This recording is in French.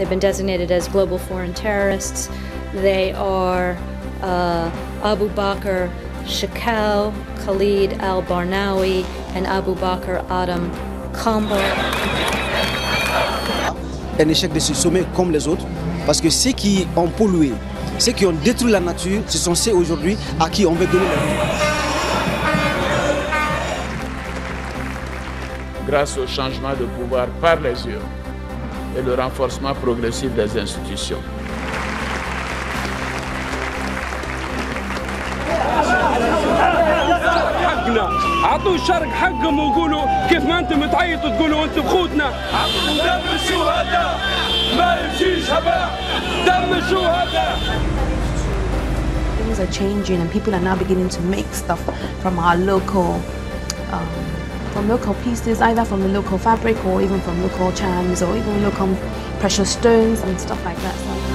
ont été désignés comme global terroristes terrorists. They are uh, Abu Bakr Shakal, Khalid al Barnawi, et Abu Bakr Adam Kambo. Un échec de ce sommet comme les autres, parce que ceux qui ont pollué, ceux qui ont détruit la nature, ce sont ceux aujourd'hui à qui on veut donner la vie. Grâce au changement de pouvoir par les yeux, et le renforcement progressif des institutions. عطوا الشرق حقهم وقولوا كيف ما انتم تعيطوا تقولوا انتم خوتنا عطوا دم الشهداء ما يمشيش هباء دم الشهداء Things are changing and people are now beginning to make stuff from our local um, from local pieces, either from the local fabric or even from local charms or even local precious stones and stuff like that. So.